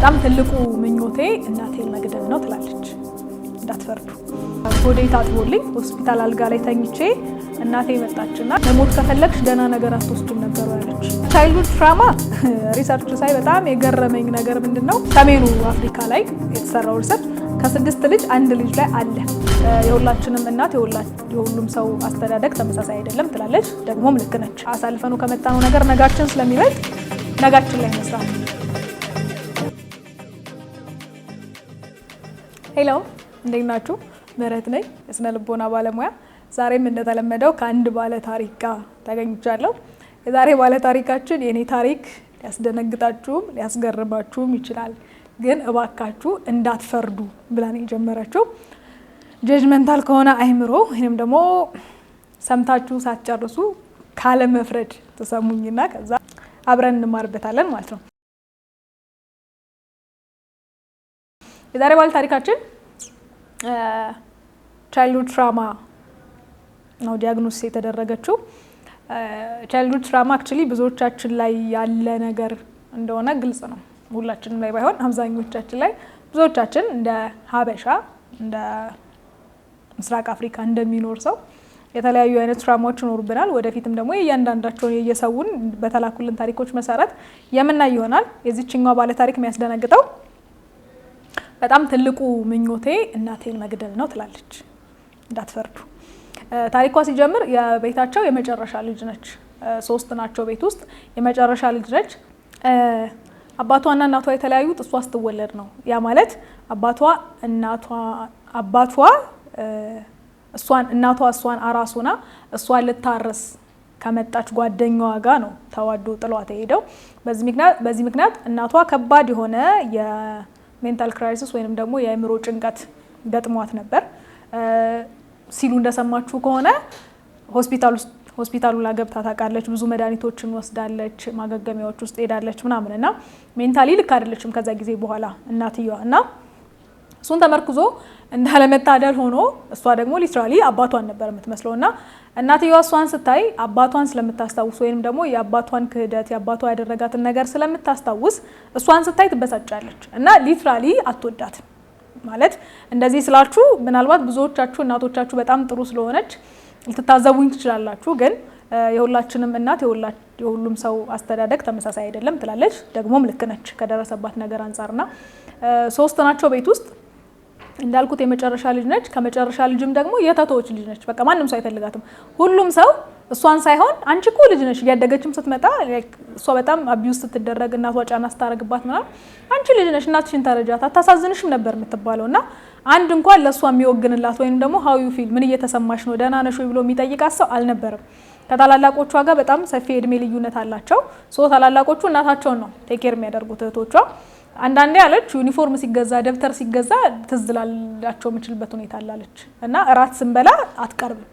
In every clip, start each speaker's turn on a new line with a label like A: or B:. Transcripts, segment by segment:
A: በጣም ትልቁ ምኞቴ እናቴ መግደል ነው ትላለች። እንዳትፈርዱ። ሆዴ ታጥቦልኝ ሆስፒታል አልጋ ላይ ተኝቼ እናቴ መጣችና ለሞት ከፈለግሽ ደህና ነገር አትወስዱም ነበር ያለች። ቻይልድ ትራማ ሪሰርች ሳይ በጣም የገረመኝ ነገር ምንድን ነው፣ ሰሜኑ አፍሪካ ላይ የተሰራው ሪሰርች ከስድስት ልጅ አንድ ልጅ ላይ አለ። የሁላችንም እናት የሁሉም ሰው አስተዳደግ ተመሳሳይ አይደለም ትላለች። ደግሞም ልክ ነች። አሳልፈኑ ከመጣነው ነገር ነጋችን ስለሚበልጥ ነጋችን ላይ መስራት ሄሎ እንዴት ናችሁ? ምህረት ነኝ የስነ ልቦና ባለሙያ። ዛሬም እንደተለመደው ከአንድ ባለ ታሪክ ጋር ተገኝቻለሁ። የዛሬ ባለ ታሪካችን የእኔ ታሪክ ሊያስደነግጣችሁም ሊያስገርማችሁም ይችላል፣ ግን እባካችሁ እንዳትፈርዱ ብለን የጀመረችው ጀጅመንታል ከሆነ አይምሮ ወይም ደግሞ ሰምታችሁ ሳትጨርሱ ካለመፍረድ ተሰሙኝና ከዛ አብረን እንማርበታለን ማለት ነው። የዛሬ ባለ ታሪካችን ቻይልድሁድ ትራማ ነው ዲያግኖስ የተደረገችው። ቻይልድሁድ ትራማ አክቹሊ ብዙዎቻችን ላይ ያለ ነገር እንደሆነ ግልጽ ነው። ሁላችንም ላይ ባይሆን አብዛኞቻችን ላይ ብዙዎቻችን እንደ ሀበሻ እንደ ምስራቅ አፍሪካ እንደሚኖር ሰው የተለያዩ አይነት ትራማዎች ይኖሩብናል። ወደፊትም ደግሞ እያንዳንዳቸውን የየሰውን በተላኩልን ታሪኮች መሰረት የምናይ ይሆናል። የዚችኛው ባለ ታሪክ የሚያስደነግጠው በጣም ትልቁ ምኞቴ እናቴን መግደል ነው ትላለች። እንዳትፈርዱ። ታሪኳ ሲጀምር የቤታቸው የመጨረሻ ልጅ ነች። ሶስት ናቸው ቤት ውስጥ የመጨረሻ ልጅ ነች። አባቷና እናቷ የተለያዩት እሷ ስትወለድ ነው። ያ ማለት አባቷ እናቷ አባቷ እሷን እናቷ እሷን አራሱና እሷን ልታረስ ከመጣች ጓደኛዋ ጋር ነው ተዋዶ ጥሏት የሄደው። በዚህ ምክንያት እናቷ ከባድ የሆነ ሜንታል ክራይሲስ ወይንም ደግሞ የአእምሮ ጭንቀት ገጥሟት ነበር ሲሉ እንደሰማችሁ ከሆነ ሆስፒታል ውስጥ ሆስፒታሉ ላይ ገብታ ታውቃለች። ብዙ መድኃኒቶችን ወስዳለች፣ ማገገሚያዎች ውስጥ ሄዳለች ምናምን እና ሜንታሊ ልክ አይደለችም ከዛ ጊዜ በኋላ እናትየዋ እና እሱን ተመርክዞ እንዳለመታደል ሆኖ እሷ ደግሞ ሊትራሊ አባቷን ነበር የምትመስለው እና እናትየዋ እሷን ስታይ አባቷን ስለምታስታውስ ወይም ደግሞ የአባቷን ክህደት የአባቷ ያደረጋትን ነገር ስለምታስታውስ እሷን ስታይ ትበሳጫለች እና ሊትራሊ አትወዳትም። ማለት እንደዚህ ስላችሁ ምናልባት ብዙዎቻችሁ እናቶቻችሁ በጣም ጥሩ ስለሆነች ልትታዘቡኝ ትችላላችሁ። ግን የሁላችንም እናት የሁሉም ሰው አስተዳደግ ተመሳሳይ አይደለም ትላለች። ደግሞም ልክ ነች ከደረሰባት ነገር አንጻርና ሶስት ናቸው ቤት ውስጥ እንዳልኩት የመጨረሻ ልጅ ነች። ከመጨረሻ ልጅም ደግሞ የተቶዎች ልጅ ነች። በቃ ማንም ሰው አይፈልጋትም። ሁሉም ሰው እሷን ሳይሆን አንቺ እኮ ልጅ ነች፣ እያደገችም ስትመጣ እሷ በጣም አቢውስ ስትደረግ እናቷ ጫና ስታረግባት ምናምን አንቺ ልጅ ነች፣ እናትሽን ተረጃት፣ አታሳዝንሽም ነበር የምትባለው እና አንድ እንኳን ለእሷ የሚወግንላት ወይም ደግሞ ሀዊ ፊል ምን እየተሰማሽ ነው ደህና ነሽ ወይ ብሎ የሚጠይቃት ሰው አልነበረም። ከታላላቆቿ ጋር በጣም ሰፊ የእድሜ ልዩነት አላቸው። ሶ ታላላቆቹ እናታቸውን ነው ቴኬር የሚያደርጉት እህቶቿ አንዳንዴ አለች ዩኒፎርም ሲገዛ ደብተር ሲገዛ ትዝ ላላቸው የምችልበት ሁኔታ አላለች እና እራት ስንበላ አትቀርብም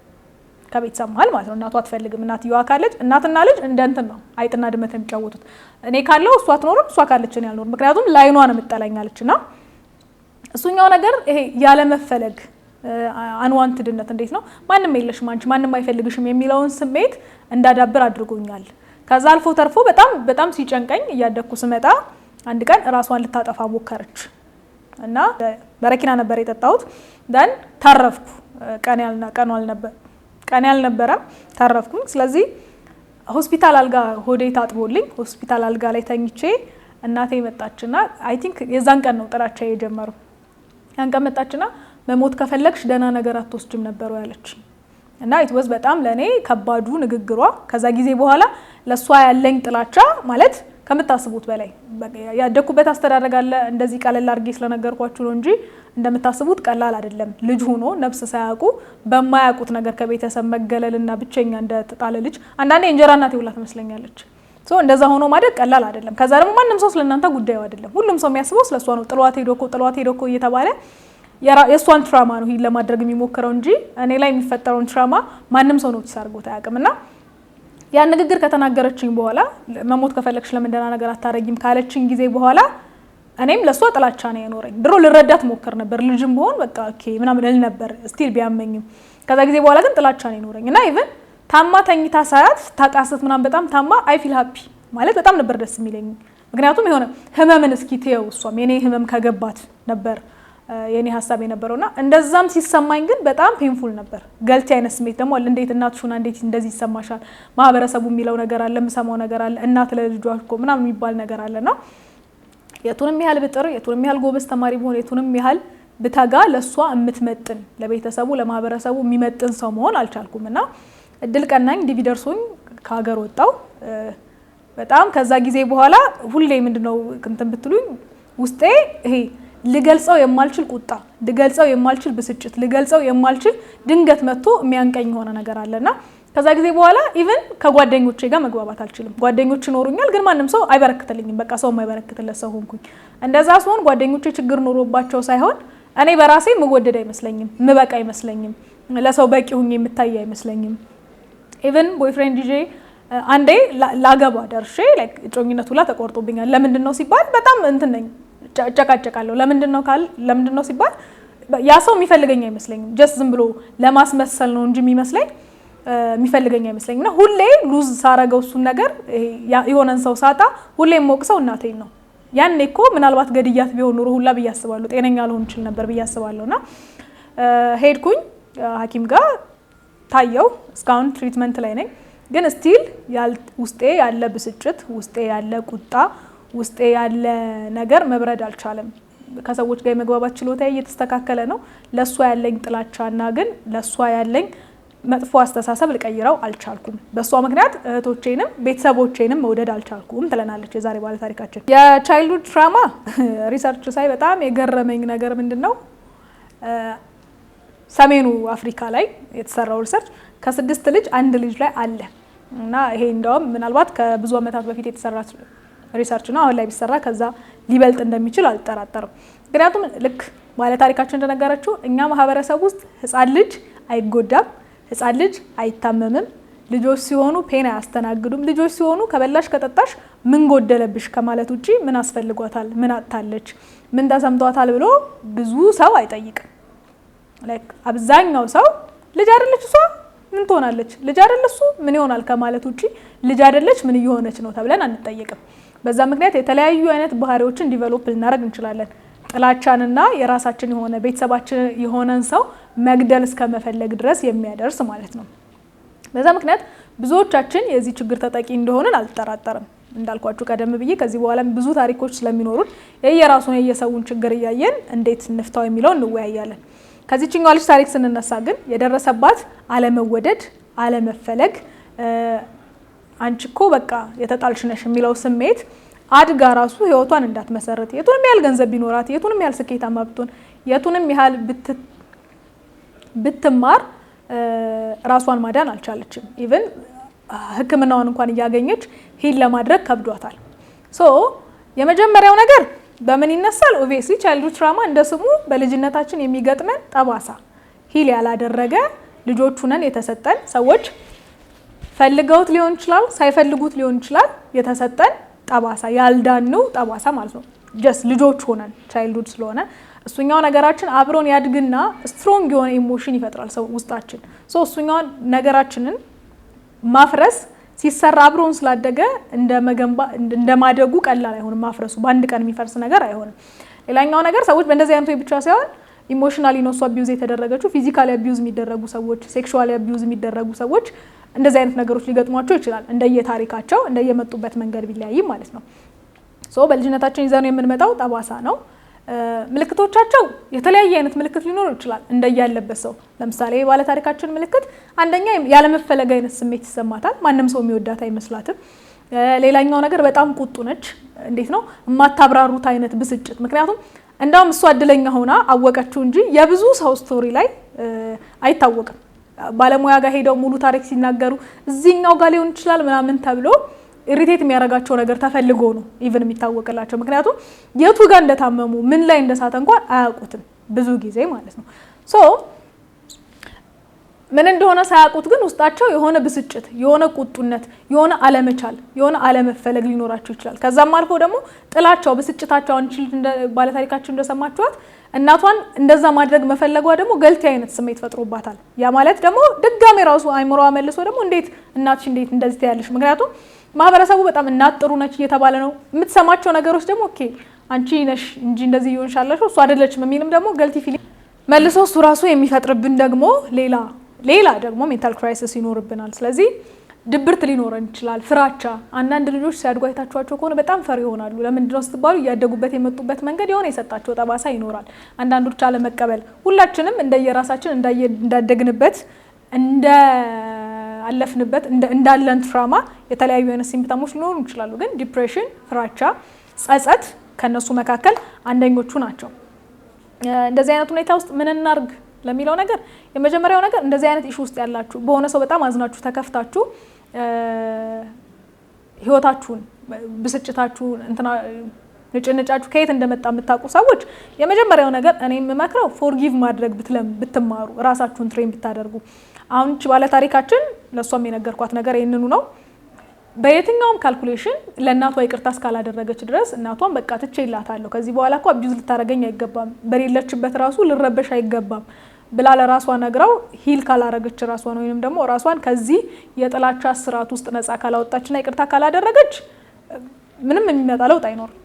A: ከቤተሰብ መሀል ማለት ነው። እናቱ አትፈልግም። እናትየዋ ካለች እናትና ልጅ እንደ እንትን ነው አይጥና ድመት የሚጫወቱት። እኔ ካለው እሷ አትኖርም፣ እሷ ካለች እኔ አልኖርም። ምክንያቱም ላይኗ ነው የምጠላኛለች እና እሱኛው ነገር ይሄ ያለመፈለግ አንዋንትድነት እንዴት ነው ማንም የለሽም አንቺ ማንም አይፈልግሽም የሚለውን ስሜት እንዳዳብር አድርጎኛል። ከዛ አልፎ ተርፎ በጣም በጣም ሲጨንቀኝ እያደግኩ ስመጣ አንድ ቀን እራሷን ልታጠፋ ሞከረች እና በረኪና ነበር የጠጣሁት። ደን ታረፍኩ። ቀን ቀኑ አልነበረ ቀን ያልነበረም ታረፍኩኝ። ስለዚህ ሆስፒታል አልጋ ሆዴ ታጥቦልኝ ሆስፒታል አልጋ ላይ ተኝቼ እናቴ መጣችና አይ ቲንክ የዛን ቀን ነው ጥላቻ የጀመሩ። ያን ቀን መጣችና መሞት ከፈለግሽ ደህና ነገር አትወስጅም ነበሩ ያለች እና ኢትወዝ በጣም ለእኔ ከባዱ ንግግሯ። ከዛ ጊዜ በኋላ ለእሷ ያለኝ ጥላቻ ማለት ከምታስቡት በላይ ያደግኩበት አስተዳደግ አለ። እንደዚህ ቀለል አድርጌ ስለነገርኳችሁ ነው እንጂ እንደምታስቡት ቀላል አይደለም። ልጅ ሆኖ ነፍስ ሳያውቁ በማያውቁት ነገር ከቤተሰብ መገለልና ብቸኛ እንደተጣለ ልጅ አንዳንዴ እንጀራ እናት ውላ ትመስለኛለች። እንደዛ ሆኖ ማደግ ቀላል አይደለም። ከዛ ደግሞ ማንም ሰው ስለእናንተ ጉዳዩ አይደለም። ሁሉም ሰው የሚያስበው ስለእሷ ነው። ጥሏት ሄዶ እኮ ጥሏት ሄዶ እኮ እየተባለ የእሷን ትራማ ነው ለማድረግ የሚሞክረው እንጂ እኔ ላይ የሚፈጠረውን ትራማ ማንም ሰው ነው አድርጎት አያውቅም እና ያን ንግግር ከተናገረችኝ በኋላ መሞት ከፈለግሽ ለምን ደህና ነገር አታረጊም ካለችኝ ጊዜ በኋላ እኔም ለእሷ ጥላቻ ነው የኖረኝ። ድሮ ልረዳት ሞከር ነበር፣ ልጅም ብሆን በቃ ኦኬ ምናምን እል ነበር ስቲል ቢያመኝም። ከዛ ጊዜ በኋላ ግን ጥላቻ ነው የኖረኝ እና ኢቨን ታማ ተኝታ ሳያት ታቃስት ምናምን በጣም ታማ አይፊል ሀፒ ማለት በጣም ነበር ደስ የሚለኝ። ምክንያቱም የሆነ ህመምን እስኪ ትየው እሷም የኔ ህመም ከገባት ነበር የኔ ሀሳብ የነበረው ና እንደዛም ሲሰማኝ ግን በጣም ፔንፉል ነበር። ገልቲ አይነት ስሜት ደግሞ እንዴት እናት ሹና እንዴት እንደዚህ ይሰማሻል? ማህበረሰቡ የሚለው ነገር አለ፣ የምሰማው ነገር አለ፣ እናት ለልጇ እኮ ምናምን የሚባል ነገር ና የቱንም ያህል ብጥር፣ የቱንም ያህል ጎበዝ ተማሪ ቢሆን፣ የቱንም ያህል ብተጋ ለእሷ የምትመጥን ለቤተሰቡ ለማህበረሰቡ የሚመጥን ሰው መሆን አልቻልኩም እና እድል ቀናኝ ዲቪ ደርሶኝ ከሀገር ወጣው በጣም ከዛ ጊዜ በኋላ ሁሌ ምንድነው እንትን ብትሉኝ ውስጤ ይሄ ልገልጸው የማልችል ቁጣ፣ ልገልጸው የማልችል ብስጭት፣ ልገልጸው የማልችል ድንገት መጥቶ የሚያንቀኝ የሆነ ነገር አለና ከዛ ጊዜ በኋላ ኢቨን ከጓደኞቼ ጋር መግባባት አልችልም። ጓደኞች ይኖሩኛል፣ ግን ማንም ሰው አይበረክትልኝም። በቃ ሰው የማይበረክትለት ሰው ሆንኩኝ። እንደዛ ሲሆን ጓደኞቼ ችግር ኖሮባቸው ሳይሆን እኔ በራሴ ምወደድ አይመስለኝም፣ ምበቃ አይመስለኝም፣ ለሰው በቂ ሁኜ የምታይ አይመስለኝም። ኢቨን ቦይፍሬንድ ይዤ አንዴ ላገባ ደርሼ ጮኝነቱ ላ ተቆርጦብኛል። ለምንድን ነው ሲባል በጣም እንትን ነኝ ጨቃጨቃለሁ። ለምንድን ነው ካል ለምንድን ነው ሲባል ያ ሰው የሚፈልገኝ አይመስለኝም። ጀስት ዝም ብሎ ለማስመሰል ነው እንጂ የሚመስለኝ የሚፈልገኝ አይመስለኝ እና ሁሌ ሉዝ ሳረገው እሱን ነገር የሆነን ሰው ሳጣ ሁሌ የምወቅሰው እናቴን ነው። ያኔ እኮ ምናልባት ገድያት ቢሆን ኑሮ ሁላ ብዬ አስባለሁ። ጤነኛ ልሆን እችል ነበር ብዬ አስባለሁ። እና ሄድኩኝ ሐኪም ጋር ታየው። እስካሁን ትሪትመንት ላይ ነኝ። ግን ስቲል ውስጤ ያለ ብስጭት ውስጤ ያለ ቁጣ ውስጤ ያለ ነገር መብረድ አልቻለም። ከሰዎች ጋር የመግባባት ችሎታ እየተስተካከለ ነው። ለእሷ ያለኝ ጥላቻና ግን ለእሷ ያለኝ መጥፎ አስተሳሰብ ልቀይረው አልቻልኩም። በእሷ ምክንያት እህቶቼንም ቤተሰቦቼንም መውደድ አልቻልኩም ትለናለች የዛሬ ባለ ታሪካችን። የቻይልድ ትራማ ሪሰርች ሳይ በጣም የገረመኝ ነገር ምንድን ነው? ሰሜኑ አፍሪካ ላይ የተሰራው ሪሰርች ከስድስት ልጅ አንድ ልጅ ላይ አለ እና ይሄ እንደውም ምናልባት ከብዙ ዓመታት በፊት የተሰራ ሪሰርች ነው። አሁን ላይ ቢሰራ ከዛ ሊበልጥ እንደሚችል አልጠራጠርም። ምክንያቱም ልክ ባለ ታሪካችን እንደነገረችው እኛ ማህበረሰብ ውስጥ ህፃን ልጅ አይጎዳም፣ ህፃን ልጅ አይታመምም፣ ልጆች ሲሆኑ ፔን አያስተናግዱም፣ ልጆች ሲሆኑ ከበላሽ ከጠጣሽ ምን ጎደለብሽ ከማለት ውጭ ምን አስፈልጓታል፣ ምን አጥታለች፣ ምን ተሰምቷታል ብሎ ብዙ ሰው አይጠይቅም። አብዛኛው ሰው ልጅ አይደለች እሷ ምን ትሆናለች፣ ልጅ አይደል እሱ ምን ይሆናል ከማለት ውጭ ልጅ አይደለች ምን እየሆነች ነው ተብለን አንጠየቅም። በዛ ምክንያት የተለያዩ አይነት ባህሪዎችን ዲቨሎፕ ልናደርግ እንችላለን። ጥላቻንና የራሳችን የሆነ ቤተሰባችን የሆነን ሰው መግደል እስከመፈለግ ድረስ የሚያደርስ ማለት ነው። በዛ ምክንያት ብዙዎቻችን የዚህ ችግር ተጠቂ እንደሆንን አልጠራጠርም። እንዳልኳችሁ ቀደም ብዬ ከዚህ በኋላ ብዙ ታሪኮች ስለሚኖሩን የየራሱን የየሰውን ችግር እያየን እንዴት እንፍታው የሚለው እንወያያለን። ከዚችኛዋ ልጅ ታሪክ ስንነሳ ግን የደረሰባት አለመወደድ፣ አለመፈለግ አንቺ እኮ በቃ የተጣልሽ ነሽ የሚለው ስሜት አድጋ ራሱ ህይወቷን እንዳትመሰረት የቱንም ያህል ገንዘብ ቢኖራት የቱንም ያህል ስኬታማ ብትሆን የቱንም ያህል ብትማር ራሷን ማዳን አልቻለችም። ኢቨን ህክምናውን እንኳን እያገኘች ሂል ለማድረግ ከብዷታል። ሶ የመጀመሪያው ነገር በምን ይነሳል? ኦቬሲ ቻይልዱ ትራማ እንደ ስሙ በልጅነታችን የሚገጥመን ጠባሳ ሂል ያላደረገ ልጆቹነን የተሰጠን ሰዎች ፈልገውት ሊሆን ይችላል፣ ሳይፈልጉት ሊሆን ይችላል። የተሰጠን ጠባሳ ያልዳነው ጠባሳ ማለት ነው። ጀስት ልጆች ሆነን ቻይልድሁድ ስለሆነ እሱኛው ነገራችን አብሮን ያድግና ስትሮንግ የሆነ ኢሞሽን ይፈጥራል ሰው ውስጣችን። ሶ እሱኛው ነገራችንን ማፍረስ ሲሰራ አብሮን ስላደገ እንደ መገንባ እንደ ማደጉ ቀላል አይሆንም። ማፍረሱ በአንድ ቀን የሚፈርስ ነገር አይሆንም። ሌላኛው ነገር ሰዎች በእንደዚህ አይነት ብቻ ሳይሆን ኢሞሽናሊ ነው እሱ አቢዩዝ የተደረገችው፣ ፊዚካሊ አቢዩዝ የሚደረጉ ሰዎች፣ ሴክሹዋሊ አቢዩዝ የሚደረጉ ሰዎች እንደዚህ አይነት ነገሮች ሊገጥሟቸው ይችላል። እንደየታሪካቸው እንደየመጡበት መንገድ ቢለያይም ማለት ነው። ሶ በልጅነታችን ይዘነው የምንመጣው ጠባሳ ነው። ምልክቶቻቸው የተለያየ አይነት ምልክት ሊኖር ይችላል እንደያለበት ሰው። ለምሳሌ ባለታሪካችን ምልክት አንደኛ ያለመፈለግ አይነት ስሜት ይሰማታል። ማንም ሰው የሚወዳት አይመስላትም። ሌላኛው ነገር በጣም ቁጡ ነች። እንዴት ነው የማታብራሩት አይነት ብስጭት። ምክንያቱም እንዳውም እሷ እድለኛ ሆና አወቀችው እንጂ የብዙ ሰው ስቶሪ ላይ አይታወቅም። ባለሙያ ጋር ሄደው ሙሉ ታሪክ ሲናገሩ እዚህኛው ጋር ሊሆን ይችላል ምናምን ተብሎ ኢሪቴት የሚያደርጋቸው ነገር ተፈልጎ ነው ኢቨን የሚታወቅላቸው። ምክንያቱም የቱ ጋር እንደታመሙ ምን ላይ እንደሳተ እንኳን አያውቁትም ብዙ ጊዜ ማለት ነው። ሶ ምን እንደሆነ ሳያውቁት ግን ውስጣቸው የሆነ ብስጭት፣ የሆነ ቁጡነት፣ የሆነ አለመቻል፣ የሆነ አለመፈለግ ሊኖራቸው ይችላል። ከዛም አልፎ ደግሞ ጥላቸው፣ ብስጭታቸው አንችል ባለታሪካችን እንደሰማችኋት እናቷን እንደዛ ማድረግ መፈለጓ ደግሞ ገልቲ አይነት ስሜት ፈጥሮባታል። ያ ማለት ደግሞ ድጋሜ ራሱ አይምሯ መልሶ ደግሞ እንዴት እናትሽ እንዴት እንደዚህ ትያለሽ? ምክንያቱም ማህበረሰቡ በጣም እናት ጥሩ ነች እየተባለ ነው የምትሰማቸው ነገሮች ደግሞ ኦኬ አንቺ ነሽ እንጂ እንደዚህ እየሆንሽ እሱ አይደለችም የሚልም ደግሞ ገልቲ ፊሊንግ መልሶ እሱ ራሱ የሚፈጥርብን ደግሞ ሌላ ሌላ ደግሞ ሜንታል ክራይሲስ ይኖርብናል። ስለዚህ ድብርት ሊኖረን ይችላል። ፍራቻ። አንዳንድ ልጆች ሲያድጉ አይታችኋቸው ከሆነ በጣም ፈሪ ይሆናሉ። ለምንድነው ስትባሉ እያደጉበት የመጡበት መንገድ የሆነ የሰጣቸው ጠባሳ ይኖራል። አንዳንዶች አለመቀበል። ሁላችንም እንደየራሳችን እንዳደግንበት እንደ አለፍንበት እንዳለን ትራማ የተለያዩ አይነት ሲምፕተሞች ሊኖሩ ይችላሉ። ግን ዲፕሬሽን፣ ፍራቻ፣ ጸጸት ከነሱ መካከል አንደኞቹ ናቸው። እንደዚህ አይነት ሁኔታ ውስጥ ምን እናርግ ለሚለው ነገር የመጀመሪያው ነገር እንደዚህ አይነት ኢሹ ውስጥ ያላችሁ በሆነ ሰው በጣም አዝናችሁ ተከፍታችሁ ህይወታችሁን ብስጭታችሁን እንትና ንጭንጫችሁ ከየት እንደመጣ የምታውቁ ሰዎች የመጀመሪያው ነገር እኔ የምመክረው ፎርጊቭ ማድረግ ብትለም ብትማሩ ራሳችሁን ትሬን ብታደርጉ። አሁን ባለታሪካችን ለእሷም የነገርኳት ነገር ይህንኑ ነው። በየትኛውም ካልኩሌሽን ለእናቷ ይቅርታ እስካላደረገች ድረስ እናቷን በቃ ትቼ ይላታለሁ። ከዚህ በኋላ እኮ አቢዩዝ ልታደረገኝ አይገባም፣ በሌለችበት ራሱ ልረበሽ አይገባም ብላ ለራሷ ነግራው ሂል ካላረገች ራሷን ወይም ደግሞ ራሷን ከዚህ የጥላቻ ስርዓት ውስጥ ነፃ ካላወጣችና ይቅርታ ካላደረገች ምንም የሚመጣ ለውጥ አይኖርም።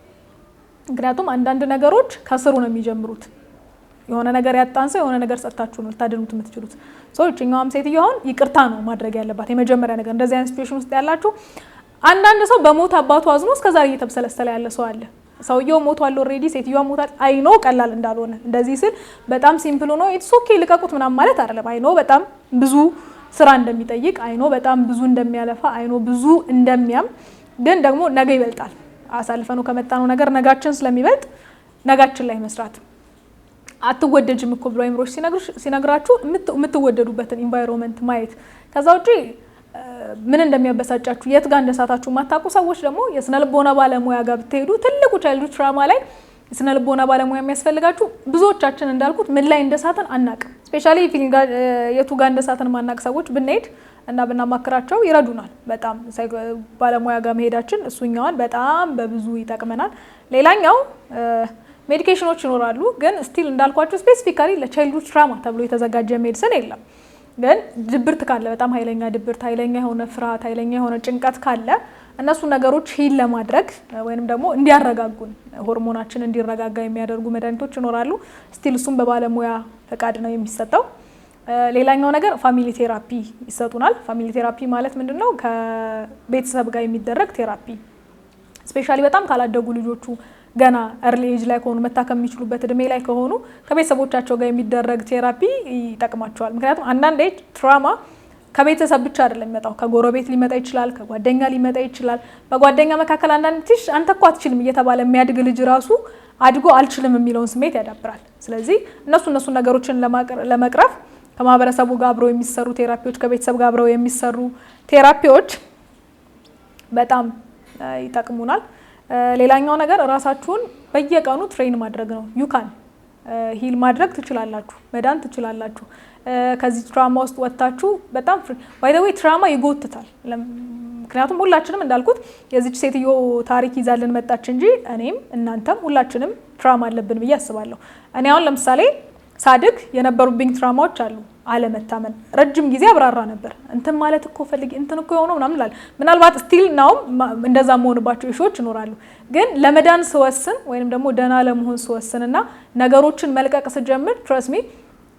A: ምክንያቱም አንዳንድ ነገሮች ከስሩ ነው የሚጀምሩት። የሆነ ነገር ያጣን ሰው የሆነ ነገር ጸጥታችሁ ነው ልታድኑት የምትችሉት። ሰው ሴትዮ አሁን ይቅርታ ነው ማድረግ ያለባት የመጀመሪያ ነገር። እንደዚህ አይነት ሲቹዌሽን ውስጥ ያላችሁ አንዳንድ ሰው በሞት አባቱ አዝኖ እስከዛሬ እየተብሰለሰለ ያለ ሰው አለ። ሰውየው ሞቷል ኦልሬዲ፣ ሴትዮዋ ሞታል። አይ ኖ ቀላል እንዳልሆነ እንደዚህ ስል በጣም ሲምፕል ሆኖ ኢትስ ኦኬ ልቀቁት ምናምን ማለት አይደለም። አይ ኖ በጣም ብዙ ስራ እንደሚጠይቅ፣ አይ ኖ በጣም ብዙ እንደሚያለፋ፣ አይ ኖ ብዙ እንደሚያም፣ ግን ደግሞ ነገ ይበልጣል። አሳልፈነው ከመጣነው ነገር ነጋችን ስለሚበልጥ ነጋችን ላይ መስራት አትወደጅም እኮ ብሎ አይምሮች ሲነግራችሁ የምትወደዱበትን ኢንቫይሮንመንት ማየት ከዛ ውጪ ምን እንደሚያበሳጫችሁ የት ጋር እንደሳታችሁ የማታውቁ ሰዎች ደግሞ የስነ ልቦና ባለሙያ ጋር ብትሄዱ ትልቁ ቻይልዱ ትራማ ላይ የስነ ልቦና ባለሙያ የሚያስፈልጋችሁ ብዙዎቻችን እንዳልኩት ምን ላይ እንደሳትን አናቅም። ስፔሻሊ የቱ ጋር እንደሳተን ማናቅ ሰዎች ብንሄድ እና ብናማክራቸው ይረዱናል። በጣም ባለሙያ ጋር መሄዳችን እሱኛዋን በጣም በብዙ ይጠቅመናል። ሌላኛው ሜዲኬሽኖች ይኖራሉ፣ ግን ስቲል እንዳልኳቸው ስፔሲፊካሊ ለቻይልዱ ትራማ ተብሎ የተዘጋጀ ሜድስን የለም። ግን ድብርት ካለ በጣም ኃይለኛ ድብርት፣ ኃይለኛ የሆነ ፍርሃት፣ ኃይለኛ የሆነ ጭንቀት ካለ እነሱ ነገሮች ሂል ለማድረግ ወይንም ደግሞ እንዲያረጋጉን ሆርሞናችን እንዲረጋጋ የሚያደርጉ መድኃኒቶች ይኖራሉ። ስቲል እሱም በባለሙያ ፈቃድ ነው የሚሰጠው። ሌላኛው ነገር ፋሚሊ ቴራፒ ይሰጡናል። ፋሚሊ ቴራፒ ማለት ምንድን ነው? ከቤተሰብ ጋር የሚደረግ ቴራፒ ስፔሻሊ በጣም ካላደጉ ልጆቹ ገና እርሊ ኤጅ ላይ ከሆኑ መታከም የሚችሉበት እድሜ ላይ ከሆኑ ከቤተሰቦቻቸው ጋር የሚደረግ ቴራፒ ይጠቅማቸዋል። ምክንያቱም አንዳንዴ ትራማ ከቤተሰብ ብቻ አይደለም የሚመጣው፣ ከጎረቤት ሊመጣ ይችላል፣ ከጓደኛ ሊመጣ ይችላል። በጓደኛ መካከል አንዳንድ ትሽ አንተ እኮ አትችልም እየተባለ የሚያድግ ልጅ ራሱ አድጎ አልችልም የሚለውን ስሜት ያዳብራል። ስለዚህ እነሱ እነሱ ነገሮችን ለመቅረፍ ከማህበረሰቡ ጋር አብረው የሚሰሩ ቴራፒዎች፣ ከቤተሰብ ጋር አብረው የሚሰሩ ቴራፒዎች በጣም ይጠቅሙናል። ሌላኛው ነገር ራሳችሁን በየቀኑ ትሬን ማድረግ ነው። ዩካን ሂል ማድረግ ትችላላችሁ፣ መዳን ትችላላችሁ። ከዚህ ትራማ ውስጥ ወጥታችሁ በጣም ባይ ዘ ወይ ትራማ ይጎትታል። ምክንያቱም ሁላችንም እንዳልኩት የዚች ሴትዮ ታሪክ ይዛልን መጣች እንጂ እኔም እናንተም ሁላችንም ትራማ አለብን ብዬ አስባለሁ። እኔ አሁን ለምሳሌ ሳድግ የነበሩብኝ ትራማዎች አሉ። አለመታመን ረጅም ጊዜ አብራራ ነበር። እንትን ማለት እኮ ፈልጌ እንትን እኮ የሆነው ምናምን ላል ምናልባት ስቲል ናውም እንደዛ መሆንባቸው እሾዎች ይኖራሉ። ግን ለመዳን ስወስን ወይም ደግሞ ደህና ለመሆን ስወስን እና ነገሮችን መልቀቅ ስጀምር ትረስሚ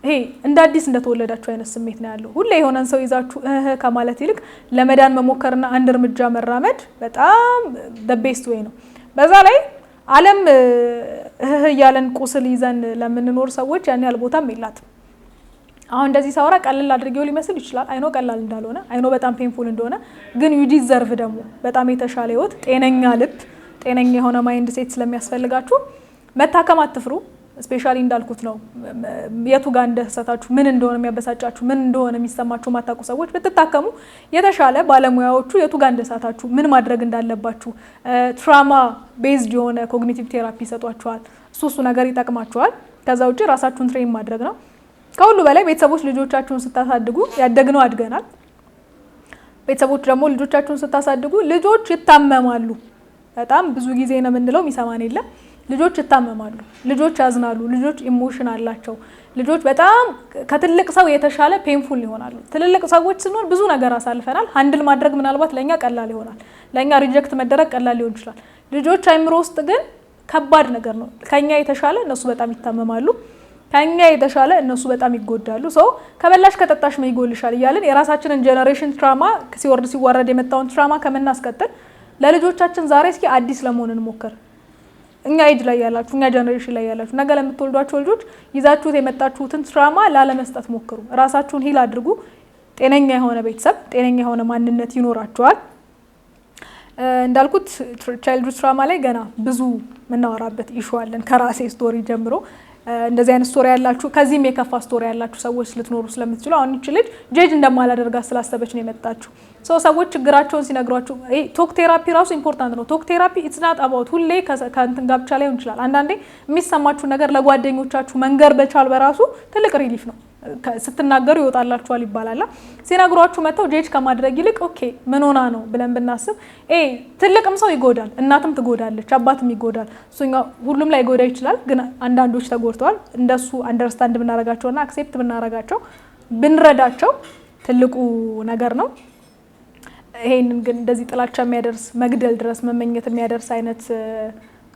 A: ይሄ እንደ አዲስ እንደተወለዳችሁ አይነት ስሜት ነው ያለው። ሁሌ የሆነን ሰው ይዛችሁ እህ ከማለት ይልቅ ለመዳን መሞከርና አንድ እርምጃ መራመድ በጣም ቤስት ወይ ነው። በዛ ላይ አለም ። እህ እያለን ቁስል ይዘን ለምንኖር ሰዎች ያን ያህል ቦታም የላትም። አሁን እንደዚህ ሳወራ ቀላል አድርጌው ሊመስል ይችላል። አይኖ ቀላል እንዳልሆነ አይኖ በጣም ፔንፉል እንደሆነ ግን ዩ ዲዘርቭ ደግሞ በጣም የተሻለ ህይወት፣ ጤነኛ ልብ፣ ጤነኛ የሆነ ማይንድ ሴት ስለሚያስፈልጋችሁ መታከም አትፍሩ። ስፔሻሊ እንዳልኩት ነው የቱ ጋር እንደሰታችሁ ምን እንደሆነ የሚያበሳጫችሁ ምን እንደሆነ የሚሰማችሁ ማታውቁ ሰዎች ብትታከሙ የተሻለ ባለሙያዎቹ የቱ ጋር እንደተሳታችሁ ምን ማድረግ እንዳለባችሁ ትራማ ቤዝድ የሆነ ኮግኒቲቭ ቴራፒ ይሰጧችኋል። እሱ እሱ ነገር ይጠቅማችኋል። ከዛ ውጭ ራሳችሁን ትሬን ማድረግ ነው። ከሁሉ በላይ ቤተሰቦች ልጆቻችሁን ስታሳድጉ ያደግነው አድገናል። ቤተሰቦች ደግሞ ልጆቻችሁን ስታሳድጉ ልጆች ይታመማሉ። በጣም ብዙ ጊዜ ነው የምንለው የሚሰማን የለም ልጆች ይታመማሉ፣ ልጆች ያዝናሉ፣ ልጆች ኢሞሽን አላቸው። ልጆች በጣም ከትልቅ ሰው የተሻለ ፔንፉል ይሆናሉ። ትልልቅ ሰዎች ስንሆን ብዙ ነገር አሳልፈናል። ሀንድል ማድረግ ምናልባት ለእኛ ቀላል ይሆናል፣ ለእኛ ሪጀክት መደረግ ቀላል ሊሆን ይችላል። ልጆች አይምሮ ውስጥ ግን ከባድ ነገር ነው። ከኛ የተሻለ እነሱ በጣም ይታመማሉ፣ ከኛ የተሻለ እነሱ በጣም ይጎዳሉ። ሰው ከበላሽ ከጠጣሽ ምን ይጎልሻል እያልን የራሳችንን ጀኔሬሽን ትራማ ሲወርድ ሲዋረድ የመጣውን ትራማ ከምናስቀጥል ለልጆቻችን ዛሬ እስኪ አዲስ ለመሆን እንሞክር። እኛ ኤጅ ላይ ያላችሁ እኛ ጀኔሬሽን ላይ ያላችሁ ነገ ለምትወልዷቸው ልጆች ይዛችሁት የመጣችሁትን ትራማ ላለመስጠት ሞክሩ። ራሳችሁን ሂል አድርጉ። ጤነኛ የሆነ ቤተሰብ፣ ጤነኛ የሆነ ማንነት ይኖራችኋል። እንዳልኩት ቻይልድ ትራማ ላይ ገና ብዙ የምናወራበት ኢሹ አለን። ከራሴ ስቶሪ ጀምሮ እንደዚህ አይነት ስቶሪ ያላችሁ ከዚህም የከፋ ስቶሪ ያላችሁ ሰዎች ልትኖሩ ስለምትችሉ አሁን ይች ልጅ ጄጅ እንደማላደርጋት ስላሰበች ነው የመጣችሁ። ሰዎች ችግራቸውን ሲነግሯቸው ቶክ ቴራፒ ራሱ ኢምፖርታንት ነው። ቶክ ቴራፒ ኢትስ ናት አባውት ሁሌ ከእንትን ጋብቻ ላይሆን ይችላል። አንዳንዴ የሚሰማችሁ ነገር ለጓደኞቻችሁ መንገር በቻል በራሱ ትልቅ ሪሊፍ ነው። ስትናገሩ ይወጣላችኋል ይባላል። ሲነግሯችሁ መጥተው ጄጅ ከማድረግ ይልቅ ኦኬ ምን ሆና ነው ብለን ብናስብ ትልቅም ሰው ይጎዳል፣ እናትም ትጎዳለች፣ አባትም ይጎዳል። እሱኛው ሁሉም ላይ ይጎዳ ይችላል፣ ግን አንዳንዶች ተጎድተዋል። እንደሱ አንደርስታንድ ብናረጋቸውና አክሴፕት ብናረጋቸው ብንረዳቸው ትልቁ ነገር ነው። ይሄንን ግን እንደዚህ ጥላቻ የሚያደርስ መግደል ድረስ መመኘት የሚያደርስ አይነት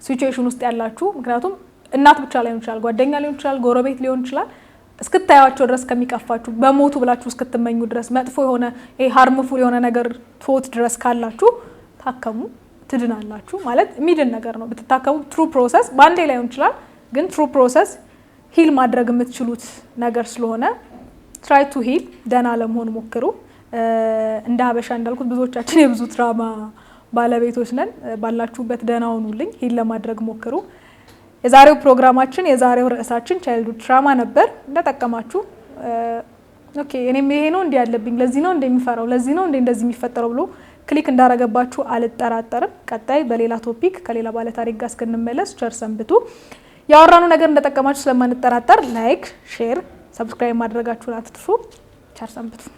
A: ሲቹዌሽን ውስጥ ያላችሁ ምክንያቱም እናት ብቻ ላይሆን ይችላል፣ ጓደኛ ሊሆን ይችላል፣ ጎረቤት ሊሆን ይችላል እስክታያቸው ድረስ ከሚቀፋችሁ በሞቱ ብላችሁ እስክትመኙ ድረስ መጥፎ የሆነ ይሄ ሀርምፉል የሆነ ነገር ቶት ድረስ ካላችሁ ታከሙ፣ ትድናላችሁ። ማለት የሚድን ነገር ነው ብትታከሙ። ትሩ ፕሮሰስ በአንዴ ላይሆን ይችላል፣ ግን ትሩ ፕሮሰስ ሂል ማድረግ የምትችሉት ነገር ስለሆነ ትራይ ቱ ሂል፣ ደህና ለመሆን ሞክሩ። እንደ ሀበሻ እንዳልኩት ብዙዎቻችን የብዙ ትራማ ባለቤቶች ነን። ባላችሁበት ደህና ሁኑልኝ። ይህን ለማድረግ ሞክሩ። የዛሬው ፕሮግራማችን የዛሬው ርዕሳችን ቻይልዱ ትራማ ነበር። እንደጠቀማችሁ ኦኬ፣ እኔም ይሄ ነው እንዲህ ያለብኝ፣ ለዚህ ነው እንደሚፈራው፣ ለዚህ ነው እንደ እንደዚህ የሚፈጠረው ብሎ ክሊክ እንዳረገባችሁ አልጠራጠርም። ቀጣይ በሌላ ቶፒክ ከሌላ ታሪክ ጋር እስክንመለስ ቸር ሰንብቱ። ነገር እንደጠቀማችሁ ስለማንጠራጠር ላይክ፣ ሼር፣ ሰብስክራይብ ማድረጋችሁን አትጥፉ። ቸር ሰንብቱ።